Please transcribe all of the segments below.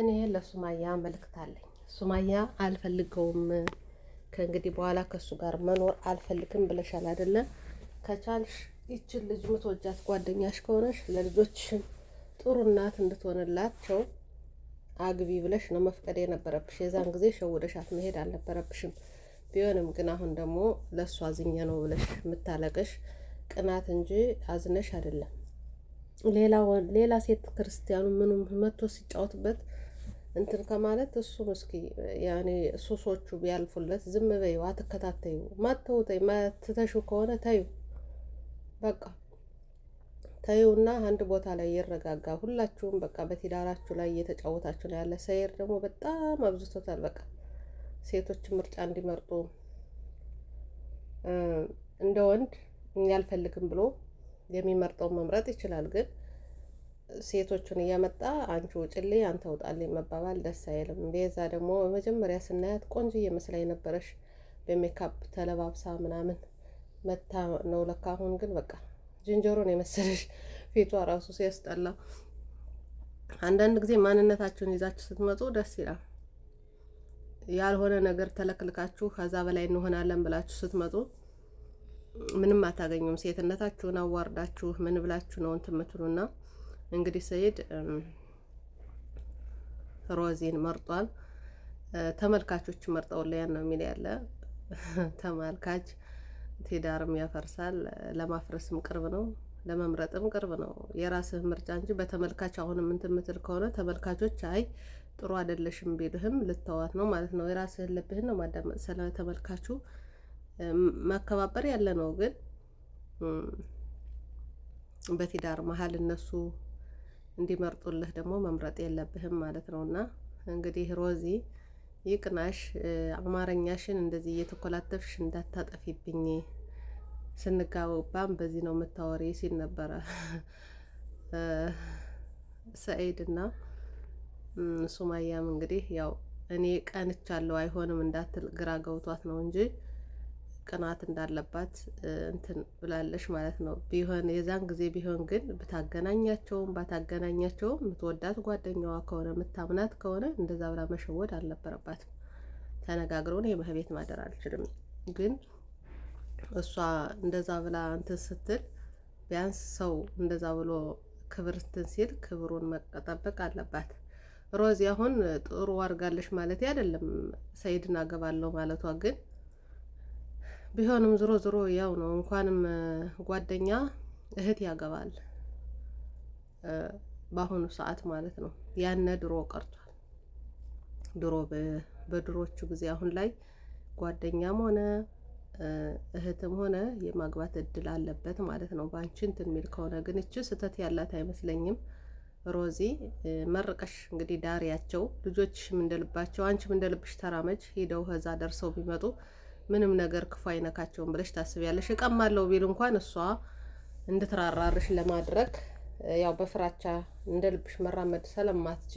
እኔ ለሱማያ መልእክት አለኝ። ሱማያ አልፈልገውም፣ ከእንግዲህ በኋላ ከእሱ ጋር መኖር አልፈልግም ብለሻል አይደለ? ከቻልሽ ይችን ልጅ ምትወጃት ጓደኛሽ ከሆነሽ ለልጆችሽም ጥሩ እናት እንድትሆንላቸው አግቢ ብለሽ ነው መፍቀድ የነበረብሽ። የዛን ጊዜ ሸውደሻት መሄድ አልነበረብሽም። ቢሆንም ግን አሁን ደግሞ ለእሱ አዝኜ ነው ብለሽ የምታለቅሽ ቅናት እንጂ አዝነሽ አይደለም። ሌላ ሴት ክርስቲያኑ ምኑም መቶ ሲጫወትበት እንትን ከማለት እሱም እስኪ ያኔ ሱሶቹ ቢያልፉለት ዝም በይው፣ አትከታተዩ። ማተው ተይ ማትተሹ ከሆነ ተዩ፣ በቃ ተዩና አንድ ቦታ ላይ ይረጋጋ። ሁላችሁም በቃ በትዳራችሁ ላይ እየተጫወታችሁ ነው ያለ። ሰይር ደግሞ በጣም አብዝቶታል። በቃ ሴቶች ምርጫ እንዲመርጡ እንደ ወንድ እኛ አልፈልግም ብሎ የሚመርጠውን መምረጥ ይችላል። ግን ሴቶቹን እያመጣ አንቺ ውጭልኝ፣ አንተ ውጣልኝ መባባል ደስ አይልም። ቤዛ ደግሞ በመጀመሪያ ስናያት ቆንጆ እየመስላ የነበረሽ በሜካፕ ተለባብሳ ምናምን መታ ነው ለካ። አሁን ግን በቃ ዝንጀሮን የመሰለሽ ፊቷ ራሱ ሲያስጠላ። አንዳንድ ጊዜ ማንነታችሁን ይዛችሁ ስትመጡ ደስ ይላል። ያልሆነ ነገር ተለክልካችሁ ከዛ በላይ እንሆናለን ብላችሁ ስትመጡ ምንም አታገኙም። ሴትነታችሁን አዋርዳችሁ ምን ብላችሁ ነው እንትን የምትሉና እንግዲህ ሰይድ ሮዚን መርጧል። ተመልካቾች መርጠውን ላይ ነው የሚል ያለ ተመልካች ትዳርም ያፈርሳል። ለማፍረስም ቅርብ ነው፣ ለመምረጥም ቅርብ ነው። የራስህ ምርጫ እንጂ በተመልካች አሁንም እንትን የምትል ከሆነ ተመልካቾች አይ ጥሩ አይደለሽም ቢልህም ልተዋት ነው ማለት ነው። የራስህን ልብህን ነው ማዳመጥ ስለ ተመልካቹ ማከባበር ያለ ነው። ግን በትዳር መሀል እነሱ እንዲመርጡልህ ደግሞ መምረጥ የለብህም ማለት ነው። እና እንግዲህ ሮዚ ይቅናሽ፣ አማርኛሽን እንደዚህ እየተኮላተፍሽ እንዳታጠፊብኝ፣ ስንጋባም በዚህ ነው የምታወሪ ሲል ነበረ ሰኢድ እና ሱማያም እንግዲህ ያው እኔ ቀንቻለሁ አይሆንም እንዳትል ግራ ገብቷት ነው እንጂ ቅናት እንዳለባት እንትን ብላለች ማለት ነው። ቢሆን የዛን ጊዜ ቢሆን ግን ብታገናኛቸውም ባታገናኛቸውም የምትወዳት ጓደኛዋ ከሆነ የምታምናት ከሆነ እንደዛ ብላ መሸወድ አልነበረባትም። ነው የመህቤት ማደር አልችልም ግን እሷ እንደዛ ብላ እንትን ስትል ቢያንስ ሰው እንደዛ ብሎ ክብር እንትን ሲል ክብሩን መጠበቅ አለባት። ሮዚ አሁን ጥሩ አድርጋለች ማለት አይደለም ሰኢድን አገባለሁ ማለቷ ግን ቢሆንም ዝሮ ዝሮ ያው ነው። እንኳንም ጓደኛ እህት ያገባል በአሁኑ ሰዓት ማለት ነው። ያነ ድሮ ቀርቷል። ድሮ በድሮቹ ጊዜ፣ አሁን ላይ ጓደኛም ሆነ እህትም ሆነ የማግባት እድል አለበት ማለት ነው። በአንቺ እንትን የሚል ከሆነ ግን እች ስህተት ያላት አይመስለኝም። ሮዚ መርቀሽ እንግዲህ ዳሪያቸው ልጆችሽም እንደልባቸው አንቺም እንደልብሽ ተራመጅ። ሂደው ከዛ ደርሰው ቢመጡ ምንም ነገር ክፉ አይነካቸውም ብለሽ ታስቢያለሽ። እቀማለሁ ቢል እንኳን እሷ እንድትራራርሽ ለማድረግ ያው በፍራቻ እንደ ልብሽ መራመድ ስለማትች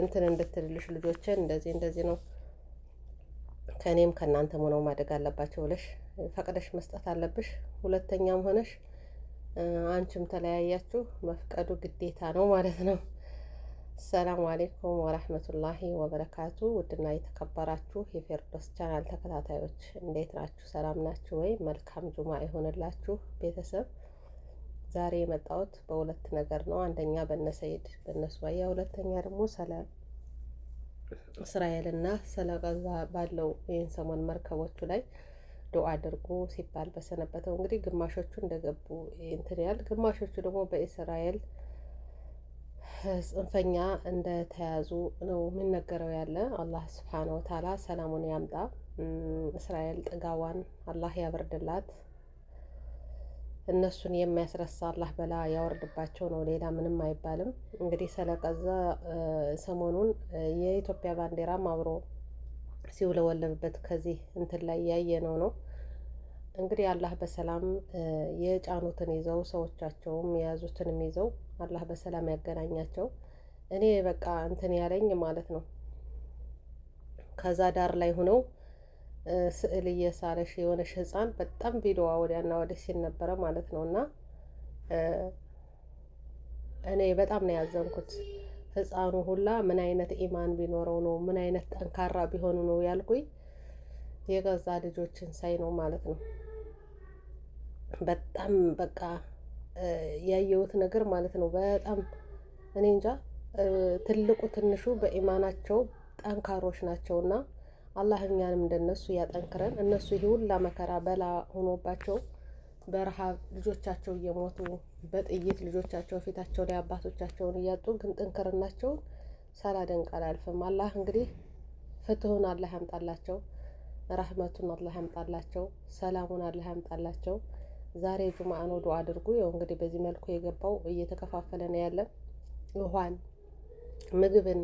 እንትን እንድትልልሽ ልጆችን እንደዚህ እንደዚህ ነው ከእኔም ከእናንተም ሆነው ማደግ አለባቸው ብለሽ ፈቅደሽ መስጠት አለብሽ። ሁለተኛም ሆነሽ አንቺም ተለያያችሁ መፍቀዱ ግዴታ ነው ማለት ነው። አሰላሙ አሌይኩም ወረህመቱላሂ ወበረካቱ። ውድና የተከበራችሁ የፌርዶስ ቻናል ተከታታዮች እንዴት ናችሁ? ሰላም ናችሁ ወይ? መልካም ጁማ የሆነላችሁ ቤተሰብ። ዛሬ የመጣሁት በሁለት ነገር ነው። አንደኛ በነ ሰይድ በነ ሱባያ፣ ሁለተኛ ደግሞ ስለ እስራኤል ስለ ጋዛ ባለው ይህን ሰሞን መርከቦቹ ላይ ዱዓ አድርጎ ሲባል በሰነበተው እንግዲህ ግማሾቹ እንደገቡ እንትን ያህል፣ ግማሾቹ ደግሞ በእስራኤል ጽንፈኛ እንደተያዙ ነው የሚነገረው ያለ። አላህ ስብሓነ ወተዓላ ሰላሙን ያምጣ። እስራኤል ጥጋዋን አላህ ያበርድላት። እነሱን የሚያስረሳ አላህ በላ ያወርድባቸው ነው። ሌላ ምንም አይባልም። እንግዲህ ሰለቀዘ ሰሞኑን የኢትዮጵያ ባንዲራም አብሮ ሲውለወለብበት ከዚህ እንትን ላይ ያየ ነው ነው እንግዲህ አላህ በሰላም የጫኑትን ይዘው ሰዎቻቸውም የያዙትንም ይዘው አላህ በሰላም ያገናኛቸው። እኔ በቃ እንትን ያለኝ ማለት ነው ከዛ ዳር ላይ ሆነው ስዕል እየሳለሽ የሆነሽ ህፃን በጣም ቪዲዋ ወዲያና ወደ ሲል ነበረ ማለት ነው። እና እኔ በጣም ነው ያዘንኩት። ህፃኑ ሁላ ምን አይነት ኢማን ቢኖረው ነው ምን አይነት ጠንካራ ቢሆኑ ነው ያልኩኝ የገዛ ልጆችን ሳይ ነው ማለት ነው። በጣም በቃ ያየሁት ነገር ማለት ነው። በጣም እኔ እንጃ ትልቁ ትንሹ በኢማናቸው ጠንካሮች ናቸው እና አላህ እኛንም እንደነሱ ያጠንክረን። እነሱ ይህ ሁላ መከራ በላ ሆኖባቸው በረሃብ ልጆቻቸው እየሞቱ በጥይት ልጆቻቸው ፊታቸው ላይ አባቶቻቸውን እያጡ ግን ጥንክርናቸውን ሳላደንቅ አላልፍም። አላህ እንግዲህ ፍትሁን አላህ ያምጣላቸው፣ ረህመቱን አላህ ያምጣላቸው፣ ሰላሙን አላህ ያምጣላቸው። ዛሬ ጁማአ ነው፣ ዱዓ አድርጉ። ያው እንግዲህ በዚህ መልኩ የገባው እየተከፋፈለ ነው ያለ። ውሃን ምግብን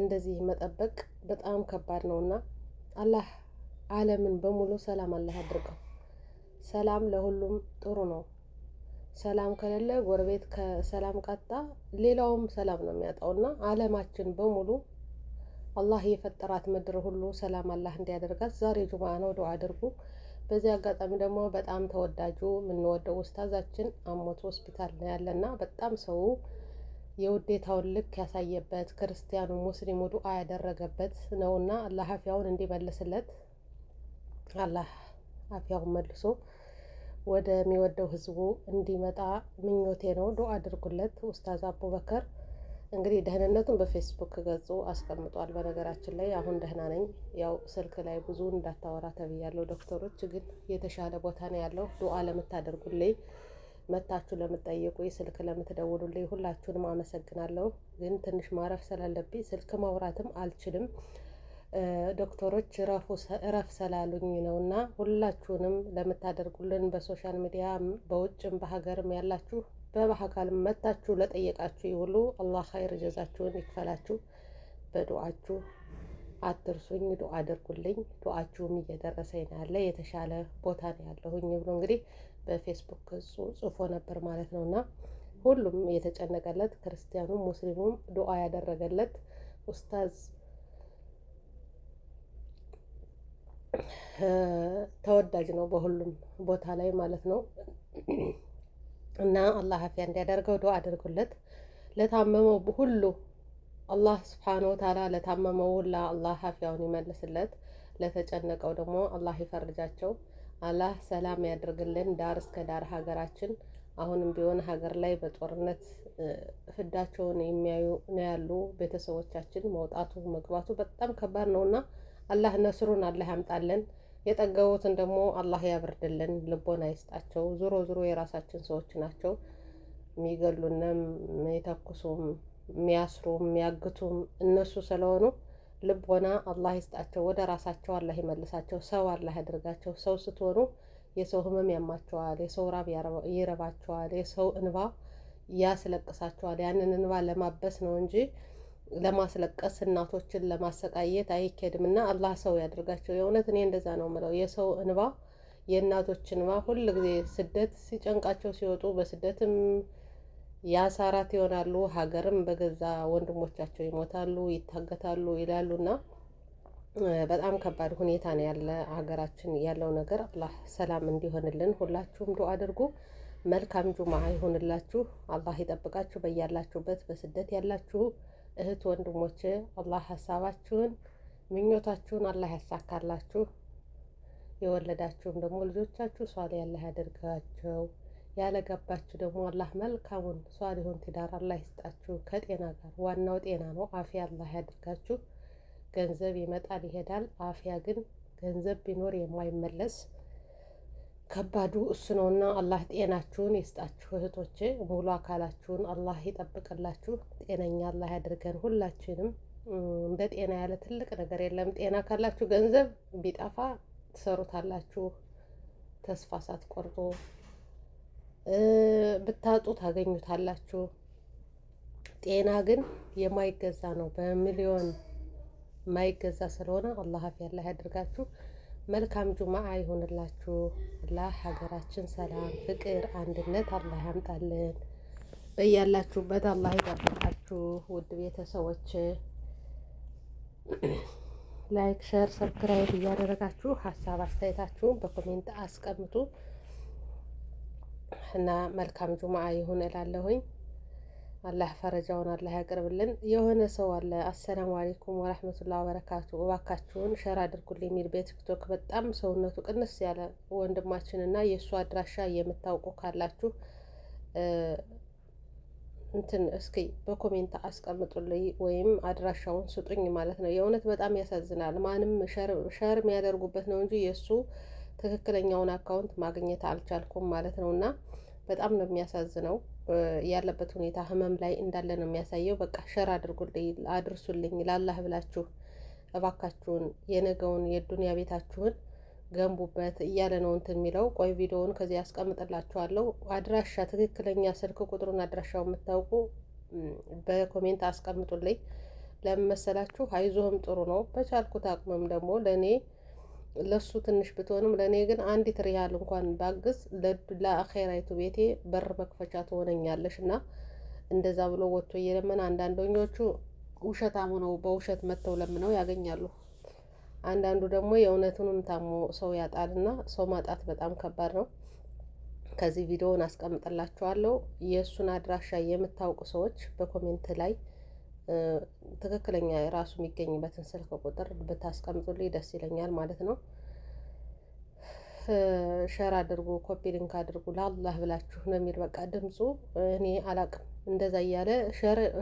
እንደዚህ መጠበቅ በጣም ከባድ ነው እና አላህ ዓለምን በሙሉ ሰላም አላህ አድርገው። ሰላም ለሁሉም ጥሩ ነው። ሰላም ከሌለ ጎረቤት ከሰላም ቀጣ ሌላውም ሰላም ነው የሚያጣው እና ዓለማችን በሙሉ አላህ የፈጠራት ምድር ሁሉ ሰላም አላህ እንዲያደርጋት ዛሬ ጁማአ ነው። ዱዓ አድርጉ። በዚህ አጋጣሚ ደግሞ በጣም ተወዳጁ የምንወደው ውስታዛችን አሞት ሆስፒታል ነው ያለና በጣም ሰው የውዴታውን ልክ ያሳየበት ክርስቲያኑ ሙስሊሙ ዱአ ያደረገበት ነውና አላህ አፊያውን እንዲመልስለት አላህ አፊያውን መልሶ ወደሚወደው ህዝቡ እንዲመጣ ምኞቴ ነው። ዱአ አድርጉለት ውስታዝ አቡበከር እንግዲህ ደህንነቱን በፌስቡክ ገጹ አስቀምጧል። በነገራችን ላይ አሁን ደህና ነኝ፣ ያው ስልክ ላይ ብዙ እንዳታወራ ተብያለሁ። ዶክተሮች ግን የተሻለ ቦታ ነው ያለው። ዱዓ ለምታደርጉልኝ፣ መታችሁ ለምጠየቁ ስልክ ለምትደውሉልኝ ሁላችሁንም አመሰግናለሁ። ግን ትንሽ ማረፍ ስላለብኝ ስልክ ማውራትም አልችልም። ዶክተሮች እረፍ ስላሉኝ ነው እና ሁላችሁንም ለምታደርጉልን በሶሻል ሚዲያ በውጭም በሀገርም ያላችሁ በባህካል መታችሁ ለጠየቃችሁ ይሁሉ አላህ ኸይር ጀዛችሁን ይክፈላችሁ። በዱዓችሁ አትርሱኝ፣ ዱዓ አድርጉልኝ። ዱዓችሁም እየደረሰኝ ነው ያለ የተሻለ ቦታ ነው ያለሁኝ ብሎ እንግዲህ በፌስቡክ ጽፎ ነበር ማለት ነው። እና ሁሉም የተጨነቀለት ክርስቲያኑም ሙስሊሙም ዱዓ ያደረገለት ኡስታዝ ተወዳጅ ነው በሁሉም ቦታ ላይ ማለት ነው። እና አላህ አፊያ እንዲያደርገው ዱዓ አድርጉለት። ለታመመው ሁሉ አላህ ስብሓነሁ ወተዓላ ለታመመው ሁላ አላህ አፊያውን ይመልስለት። ለተጨነቀው ደግሞ አላህ ይፈርጃቸው። አላህ ሰላም ያድርግልን ዳር እስከ ዳር ሀገራችን። አሁንም ቢሆን ሀገር ላይ በጦርነት ፍዳቸውን የሚያዩ ነው ያሉ ቤተሰቦቻችን። መውጣቱ መግባቱ በጣም ከባድ ነውና አላህ ነስሩን አላህ ያምጣልን። የጠገቡትን ደግሞ አላህ ያብርድልን፣ ልቦና ይስጣቸው። ዞሮ ዞሮ የራሳችን ሰዎች ናቸው። የሚገሉንም፣ የሚተኩሱም፣ የሚያስሩም፣ የሚያግቱም እነሱ ስለሆኑ ልቦና አላህ ይስጣቸው። ወደ ራሳቸው አላህ ይመልሳቸው። ሰው አላህ ያደርጋቸው። ሰው ስትሆኑ የሰው ህመም ያማቸዋል፣ የሰው ራብ ይረባቸዋል፣ የሰው እንባ ያስለቅሳቸዋል። ያንን እንባ ለማበስ ነው እንጂ ለማስለቀስ እናቶችን ለማሰቃየት አይኬድም እና አላህ ሰው ያደርጋቸው። የእውነት እኔ እንደዛ ነው ምለው። የሰው እንባ የእናቶች እንባ ሁል ጊዜ ስደት ሲጨንቃቸው ሲወጡ በስደትም የአሳራት ይሆናሉ፣ ሀገርም በገዛ ወንድሞቻቸው ይሞታሉ፣ ይታገታሉ ይላሉ እና በጣም ከባድ ሁኔታ ነው ያለ ሀገራችን ያለው ነገር። አላህ ሰላም እንዲሆንልን ሁላችሁም ዱአ አድርጉ። መልካም ጁማ ይሆንላችሁ። አላህ ይጠብቃችሁ። በያላችሁበት በስደት ያላችሁ እህት ወንድሞቼ አላህ ሀሳባችሁን ምኞታችሁን አላህ ያሳካላችሁ። የወለዳችሁም ደግሞ ልጆቻችሁ ሷሊህ አላህ ያደርጋቸው። ያለገባችሁ ደግሞ አላህ መልካሙን ሷሊሁን ትዳር አላህ ይስጣችሁ ከጤና ጋር። ዋናው ጤና ነው። አፊያ አላህ ያደርጋችሁ። ገንዘብ ይመጣል ይሄዳል። አፊያ ግን ገንዘብ ቢኖር የማይመለስ ከባዱ እሱ ነውና አላህ ጤናችሁን ይስጣችሁ እህቶቼ፣ ሙሉ አካላችሁን አላህ ይጠብቅላችሁ፣ ጤነኛ አላህ ያድርገን ሁላችንም። እንደ ጤና ያለ ትልቅ ነገር የለም። ጤና ካላችሁ ገንዘብ ቢጠፋ ትሰሩታላችሁ፣ ተስፋ ሳትቆርጡ ብታጡ ታገኙታላችሁ። ጤና ግን የማይገዛ ነው፣ በሚሊዮን የማይገዛ ስለሆነ አላህ አፍ ያላህ ያድርጋችሁ። መልካም ጁማ ይሁንላችሁ። አላህ ሀገራችን ሰላም፣ ፍቅር፣ አንድነት አላህ ያምጣልን። በያላችሁበት አላህ ይጠብቃችሁ። ውድ ቤተሰቦች ላይክ፣ ሸር፣ ሰብስክራይብ እያደረጋችሁ ሀሳብ አስተያየታችሁን በኮሜንት አስቀምጡ እና መልካም ጁማአ ይሁን እላለሁኝ። አላህ ፈረጃውን አላህ ያቅርብልን። የሆነ ሰው አለ አሰላሙ አሌይኩም ወራህመቱላ ወበረካቱ፣ እባካችሁን ሸር አድርጉልኝ የሚል በቲክቶክ በጣም ሰውነቱ ቅንስ ያለ ወንድማችንና የእሱ አድራሻ የምታውቁ ካላችሁ እንትን እስኪ በኮሜንት አስቀምጡልኝ ወይም አድራሻውን ስጡኝ ማለት ነው። የእውነት በጣም ያሳዝናል። ማንም ሸር የሚያደርጉበት ነው እንጂ የእሱ ትክክለኛውን አካውንት ማግኘት አልቻልኩም ማለት ነው እና በጣም ነው የሚያሳዝነው። ያለበት ሁኔታ ህመም ላይ እንዳለ ነው የሚያሳየው። በቃ ሸር አድርጉልኝ፣ አድርሱልኝ ላላህ ብላችሁ እባካችሁን የነገውን የዱንያ ቤታችሁን ገንቡበት እያለ ነው እንትን የሚለው። ቆይ ቪዲዮውን ከዚህ ያስቀምጥላችኋለሁ። አድራሻ ትክክለኛ ስልክ ቁጥሩን አድራሻው የምታውቁ በኮሜንት አስቀምጡልኝ። ለምን መሰላችሁ? አይዞህም ጥሩ ነው። በቻልኩት አቅምም ደግሞ ለእኔ ለሱ ትንሽ ብትሆንም ለእኔ ግን አንዲት ሪያል እንኳን ባግዝ ለአኼራይቱ ቤቴ በር መክፈቻ ትሆነኛለሽ እና እንደዛ ብሎ ወጥቶ እየለመነ አንዳንዶኞቹ ውሸታም ሆነው በውሸት መጥተው ለምነው ያገኛሉ። አንዳንዱ ደግሞ የእውነቱንም ታሞ ሰው ያጣልና ሰው ማጣት በጣም ከባድ ነው። ከዚህ ቪዲዮውን አስቀምጥላችኋለሁ። የእሱን አድራሻ የምታውቁ ሰዎች በኮሜንት ላይ ትክክለኛ ራሱ የሚገኝበትን ስልክ ቁጥር ብታስቀምጡልኝ ደስ ይለኛል ማለት ነው። ሸር አድርጉ፣ ኮፒ ሊንክ አድርጉ። ለአላህ ብላችሁ ነው የሚል በቃ ድምፁ እኔ አላቅም። እንደዛ እያለ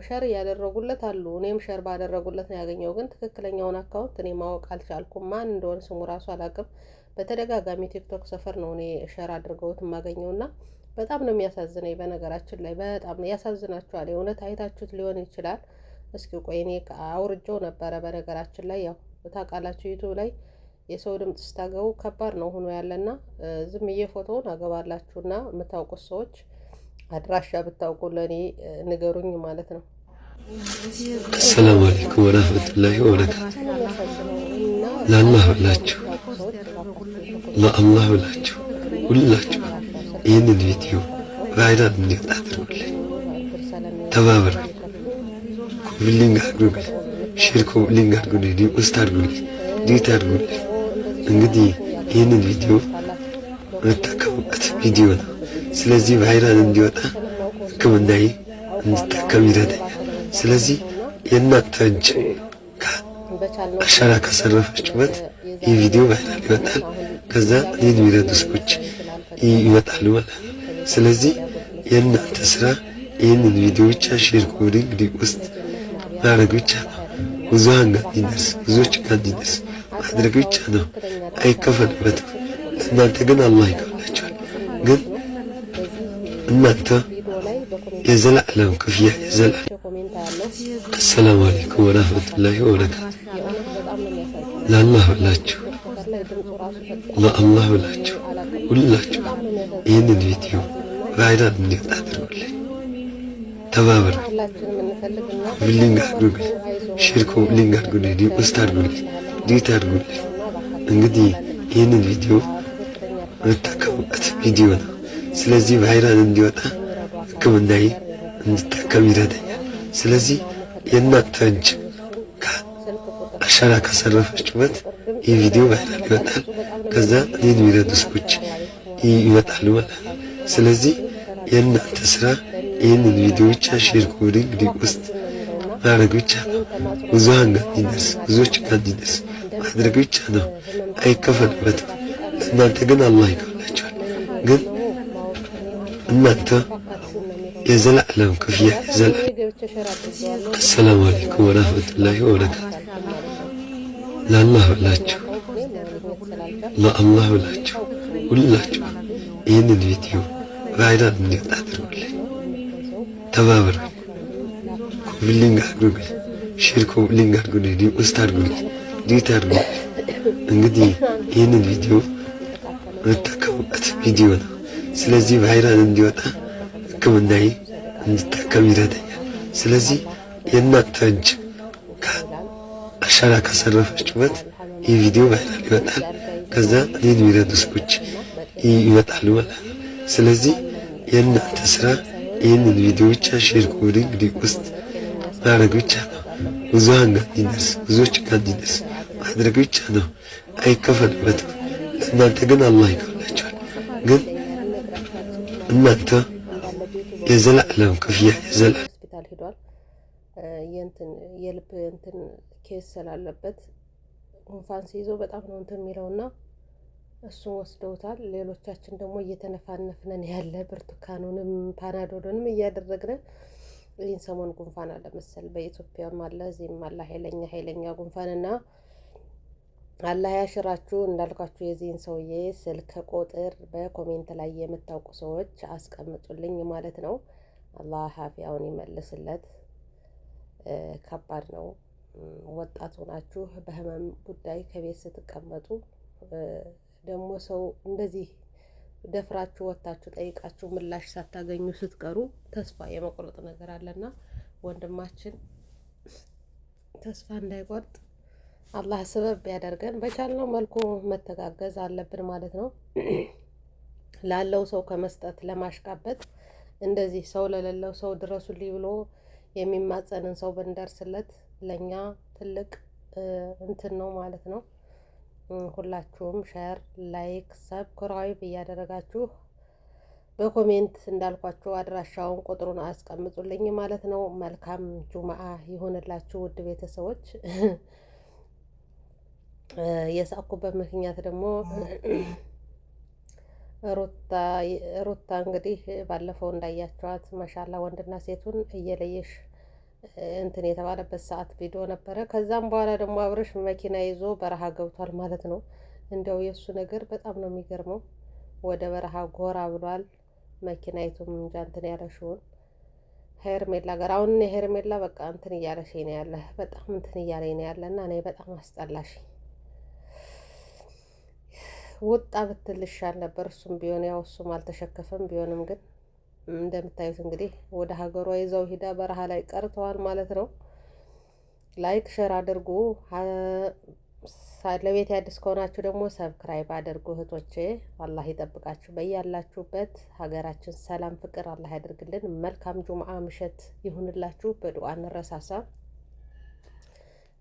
ሸር እያደረጉለት አሉ። እኔም ሸር ባደረጉለት ነው ያገኘው። ግን ትክክለኛውን አካውንት እኔ ማወቅ አልቻልኩም። ማን እንደሆነ ስሙ ራሱ አላቅም። በተደጋጋሚ ቲክቶክ ሰፈር ነው እኔ ሸር አድርገውት የማገኘው እና በጣም ነው የሚያሳዝነኝ። በነገራችን ላይ በጣም ያሳዝናችኋል። የእውነት አይታችሁት ሊሆን ይችላል እስኪ ቆይ እኔ አውርጄው ነበረ። በነገራችን ላይ ያው ታውቃላችሁ ዩቱብ ላይ የሰው ድምፅ ስታገቡ ከባድ ነው ሆኖ ያለና ዝም ፎቶውን አገባላችሁና የምታውቁት ሰዎች አድራሻ ብታውቁ ለእኔ ንገሩኝ ማለት ነው። ሰላም አለይኩም ወራህመቱላሂ ወበረካቱ። ለአላህ ብላችሁ ለአላህ ብላችሁ ሁላችሁ ይህንን ቪዲዮ ቫይራል እንዲወጣ አድርጉልኝ፣ ተባበሩ። ምን ልንጋርጉልኝ? ሼር ልንጋርጉልኝ? ውስጥ አድርጉልኝ? አድርጉልኝ? እንግዲህ ይህንን ቪዲዮ የምጠቀሙበት ቪዲዮ ነው። ስለዚህ ቫይራል እንዲወጣ ሕክምናዬ እንድጠቀም ይረዳኛል። ስለዚህ የእናንተ እጅ አሻራ ካሰረፈችበት ይህ ቪዲዮ ቫይራል ይወጣል። ከዛ እኔን የሚረዱ ሰዎች ይመጣሉ ማለት ነው። ስለዚህ የእናንተ ስራ ይህንን ቪዲዮ ብቻ ሼር ማድረግ ብቻ ነው። ብዙሃን ጋር እንዲደርስ ብዙዎች ጋር እንዲደርስ ማድረግ ብቻ ነው። አይከፈልበትም። እናንተ ግን አላህ ይከፍላችኋል። ግን እናንተ የዘላለም ክፍያ የዘላለም አሰላሙ አለይኩም ወራህመቱላሂ ወበረካቱ። ለአላህ ብላችሁ ለአላህ ብላችሁ ሁላችሁ ይህንን ቪዲዮ ቫይራል እንዲወጣ አድርጉልኝ። ተባበር ቢሊንግ አድርጉልኝ፣ ሼር ኮብሊንግ አድርጉልኝ፣ ሪፖስት አድርጉልኝ፣ ዲት አድርጉልኝ። እንግዲህ ይህንን ቪዲዮ የምታከሙበት ቪዲዮ ነው። ስለዚህ ቫይራል እንዲወጣ ሕክምናዬ እንድታከም ይረዳኛል። ስለዚህ የእናንተ እጅ አሻራ ካሰረፈችበት ይህ ቪዲዮ ቫይራል ይወጣል። ከዛ እኔን የሚረዱ ሰዎች ይወጣሉ ማለት ነው። ስለዚህ የእናንተ ስራ ይህንን ቪዲዮ ብቻ ሼር ኮዲንግ ሪፖስት ማድረግ ብቻ ነው። ብዙሃን ጋር እንዲደርስ ብዙዎች ጋር እንዲደርስ ማድረግ ብቻ ነው። አይከፈልበትም። እናንተ ግን አላህ ይከፍላችኋል። ግን እናንተ የዘላለም ክፍያ የዘላለም አሰላሙ አለይኩም ወራህመቱላሂ ወበረካቱ። ለአላህ ብላችሁ ለአላህ ብላችሁ ሁላችሁ ይህንን ቪዲዮ ቫይራል እንዲወጣ አድርጉልኝ። ተባብር ኮሚሊንግ አድርጉልኝ፣ ሼር ኮሚሊንግ አድርጉልኝ፣ ሪፖስት አድርጉልኝ፣ ዲት አድርጉልኝ። እንግዲህ ይህንን ቪዲዮ የምጠቀሙበት ቪዲዮ ነው። ስለዚህ ቫይራል እንዲወጣ ሕክምናዬ እንድጠቀም ይረዳኛል። ስለዚህ የእናንተ እጅ አሻራ ካሰረፈችበት ይህ ቪዲዮ ቫይራል ይወጣል። ከዛ እኔን የሚረዱ ሰዎች ይወጣሉ ማለት ነው። ስለዚህ የእናንተ ስራ ይህንን ቪዲዮ ብቻ ሼር ኮዲንግ ሪኩዌስት ማድረግ ብቻ ነው። ብዙሃን ጋር እንዲደርስ ብዙዎች ጋር እንዲደርስ ማድረግ ብቻ ነው። አይከፈልበትም። እናንተ ግን አላህ ይከፍላችኋል። ግን እናንተ የዘላለም ክፍያ የዘላለም ሆስፒታል ሄዷል። የእንትን የልብ እንትን ኬስ ስላለበት ጉንፋን ሲይዞ በጣም ነው እንትን የሚለውና እሱን ወስደውታል። ሌሎቻችን ደግሞ እየተነፋነፍነን ያለ ብርቱካኑንም ፓናዶልንም እያደረግን ይህን ሰሞን ጉንፋን አለ መሰል በኢትዮጵያም አለ እዚህም አለ ኃይለኛ ኃይለኛ ጉንፋንና አላህ ያሽራችሁ እንዳልኳችሁ የዚህን ሰውዬ ስልክ ቁጥር በኮሜንት ላይ የምታውቁ ሰዎች አስቀምጡልኝ ማለት ነው። አላህ ሀፊያውን ይመልስለት። ከባድ ነው። ወጣቱ ናችሁ። በህመም ጉዳይ ከቤት ስትቀመጡ ደግሞ ሰው እንደዚህ ደፍራችሁ ወታችሁ ጠይቃችሁ ምላሽ ሳታገኙ ስትቀሩ ተስፋ የመቁረጥ ነገር አለና ወንድማችን ተስፋ እንዳይቆርጥ አላህ ስበብ ያደርገን። በቻልነው መልኩ መተጋገዝ አለብን ማለት ነው። ላለው ሰው ከመስጠት ለማሽቃበት እንደዚህ ሰው ለሌለው ሰው ድረሱልኝ ብሎ የሚማጸንን ሰው ብንደርስለት ለእኛ ትልቅ እንትን ነው ማለት ነው። ሁላችሁም ሸር፣ ላይክ፣ ሰብስክራይብ እያደረጋችሁ በኮሜንት እንዳልኳችሁ አድራሻውን ቁጥሩን አስቀምጡልኝ ማለት ነው። መልካም ጁማአ ይሆንላችሁ ውድ ቤተሰቦች። የሳኩበት ምክንያት ደግሞ ሩታ እንግዲህ ባለፈው እንዳያቸዋት መሻላ ወንድና ሴቱን እየለየሽ እንትን የተባለበት ሰዓት ቪዲዮ ነበረ። ከዛም በኋላ ደግሞ አብረሽ መኪና ይዞ በረሃ ገብቷል ማለት ነው። እንደው የእሱ ነገር በጣም ነው የሚገርመው። ወደ በረሃ ጎራ ብሏል። መኪናይቱም እንጃ እንትን ያለሽውን ሄርሜላ ጋር አሁን ሄርሜላ በቃ እንትን እያለሽ ነው ያለ በጣም እንትን እያለ ነው ያለ እና እኔ በጣም አስጠላሽ። ወጣ ብትልሻል ነበር። እሱም ቢሆን ያው እሱም አልተሸከፈም ቢሆንም ግን እንደምታዩት እንግዲህ ወደ ሀገሯ ይዘው ሂዳ በረሃ ላይ ቀርተዋል ማለት ነው። ላይክ ሸር አድርጉ። ለቤት አዲስ ከሆናችሁ ደግሞ ሰብስክራይብ አድርጉ። እህቶቼ አላህ ይጠብቃችሁ በያላችሁበት። ሀገራችን ሰላም፣ ፍቅር አላህ ያደርግልን። መልካም ጁምአ ምሸት ይሁንላችሁ። በዱአ እንረሳሳ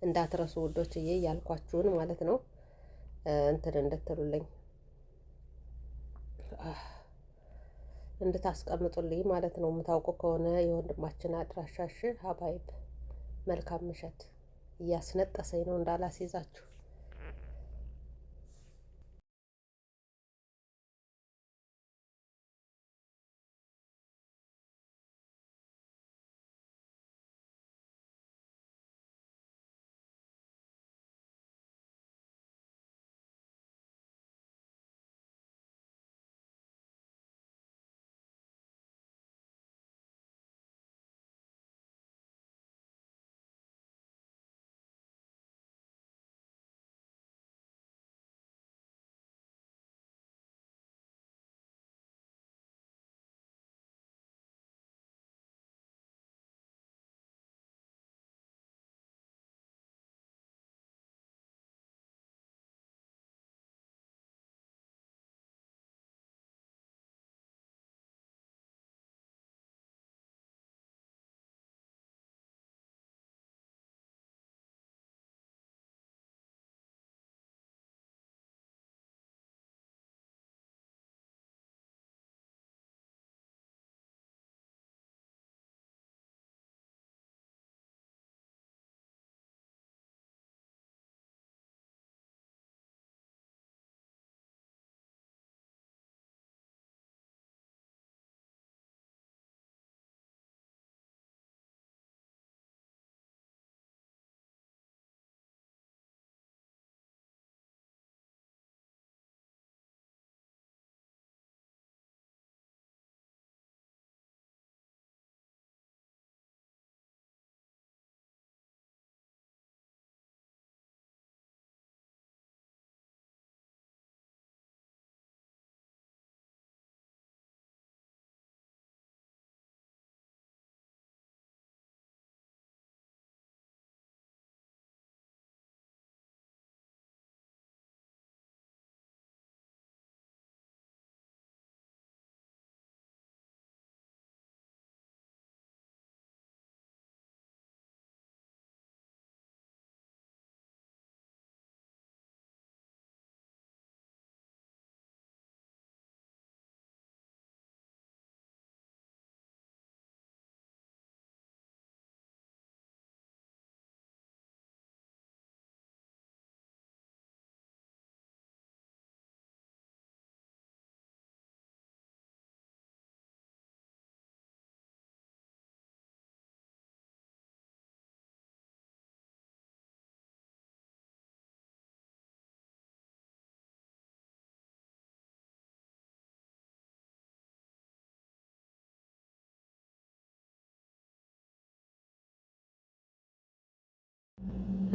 እንዳትረሱ እዬ ያልኳችሁን ማለት ነው እንትን እንድትሉልኝ እንድታስቀምጡልኝ ማለት ነው። የምታውቁ ከሆነ የወንድማችን አድራሻሽ ሀባይብ መልካም ምሸት እያስነጠሰኝ ነው እንዳላስይዛችሁ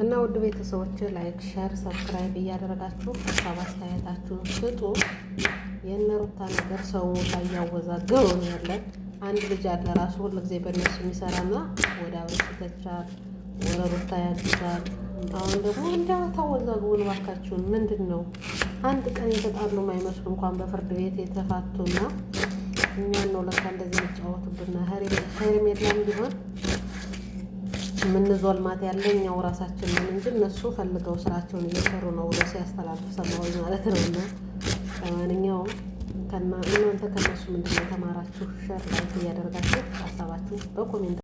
እና ውድ ቤተሰቦች ላይክ፣ ሸር፣ ሰብስክራይብ እያደረጋችሁ ሀሳብ አስተያየታችሁን ስጡ። የእነ ነገር ሰው ላይ ያወዛገበው ነው ያለን። አንድ ልጅ አለ ራሱ ሁሉ ጊዜ በእነሱ የሚሰራና ወደ አብረሽ ይተቻል፣ ወደ ሩታ ያግዛል። አሁን ደግሞ እንዲያ ታወዛግቡ እባካችሁን። ምንድን ነው አንድ ቀን የተጣሉ ማይመስሉ እንኳን በፍርድ ቤት የተፋቱና እኛን ነው ለካ እንደዚህ የሚጫወቱብና ሄርሜላም ቢሆን ምንዞልማት ያለ እኛው ራሳችን ምን እንጂ እነሱ ፈልገው ስራቸውን እየሰሩ ነው ብሎ ሲያስተላልፍ ሰማሁኝ ማለት ነው። እና ለማንኛውም እናንተ ከነሱ ምንድነው የተማራችሁ? ሸር ላይክ እያደረጋችሁ ሀሳባችሁ በኮሜንት